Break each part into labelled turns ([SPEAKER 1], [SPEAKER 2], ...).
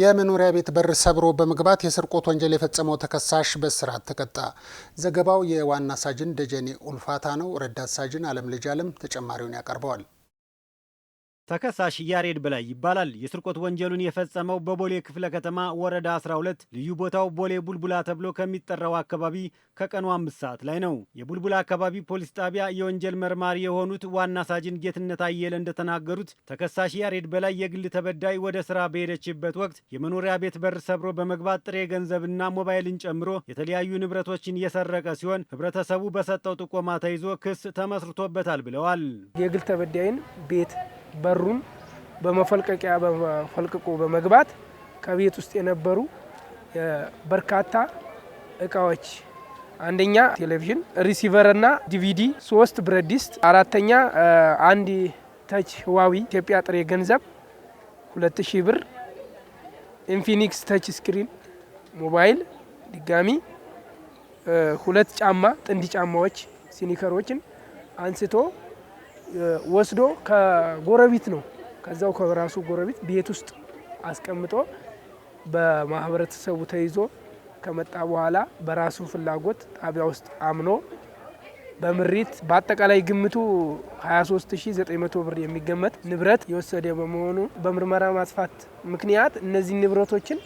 [SPEAKER 1] የመኖሪያ ቤት በር ሰብሮ በመግባት የስርቆት ወንጀል የፈጸመው ተከሳሽ በእስራት ተቀጣ። ዘገባው የዋና ሳጅን ደጀኔ ኡልፋታ ነው። ረዳት ሳጅን አለም ልጅ አለም ተጨማሪውን ያቀርበዋል።
[SPEAKER 2] ተከሳሽ ያሬድ በላይ ይባላል። የስርቆት ወንጀሉን የፈጸመው በቦሌ ክፍለ ከተማ ወረዳ 12 ልዩ ቦታው ቦሌ ቡልቡላ ተብሎ ከሚጠራው አካባቢ ከቀኑ አምስት ሰዓት ላይ ነው። የቡልቡላ አካባቢ ፖሊስ ጣቢያ የወንጀል መርማሪ የሆኑት ዋና ሳጅን ጌትነት አየለ እንደተናገሩት ተከሳሽ ያሬድ በላይ የግል ተበዳይ ወደ ስራ በሄደችበት ወቅት የመኖሪያ ቤት በር ሰብሮ በመግባት ጥሬ ገንዘብና ሞባይልን ጨምሮ የተለያዩ ንብረቶችን የሰረቀ ሲሆን ህብረተሰቡ በሰጠው ጥቆማ ተይዞ ክስ ተመስርቶበታል ብለዋል።
[SPEAKER 3] የግል ተበዳይን ቤት በሩን በመፈልቀቂያ በመፈልቅቆ በመግባት ከቤት ውስጥ የነበሩ በርካታ እቃዎች አንደኛ ቴሌቪዥን፣ ሪሲቨርና ዲቪዲ፣ ሶስት ብረት ድስት፣ አራተኛ አንድ ተች ህዋዊ ኢትዮጵያ ጥሬ ገንዘብ ሁለት ሺህ ብር፣ ኢንፊኒክስ ተች ስክሪን ሞባይል፣ ድጋሚ ሁለት ጫማ ጥንድ ጫማዎች ሲኒከሮችን አንስቶ ወስዶ ከጎረቤት ነው ከዛው ከራሱ ጎረቤት ቤት ውስጥ አስቀምጦ በማህበረተሰቡ ተይዞ ከመጣ በኋላ በራሱ ፍላጎት ጣቢያ ውስጥ አምኖ በምሪት በአጠቃላይ ግምቱ 23900 ብር የሚገመት ንብረት የወሰደ በመሆኑ በምርመራ ማጥፋት ምክንያት እነዚህ ንብረቶችን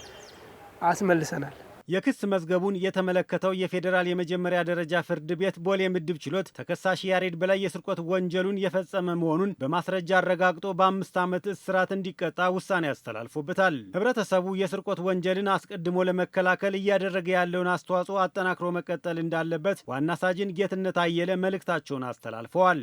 [SPEAKER 3] አስመልሰናል።
[SPEAKER 2] የክስ መዝገቡን የተመለከተው የፌዴራል የመጀመሪያ ደረጃ ፍርድ ቤት ቦሌ ምድብ ችሎት ተከሳሽ ያሬድ በላይ የስርቆት ወንጀሉን የፈጸመ መሆኑን በማስረጃ አረጋግጦ በአምስት ዓመት እስራት እንዲቀጣ ውሳኔ አስተላልፎበታል። ህብረተሰቡ የስርቆት ወንጀልን አስቀድሞ ለመከላከል እያደረገ ያለውን አስተዋጽኦ አጠናክሮ መቀጠል እንዳለበት ዋና ሳጅን ጌትነት አየለ መልእክታቸውን አስተላልፈዋል።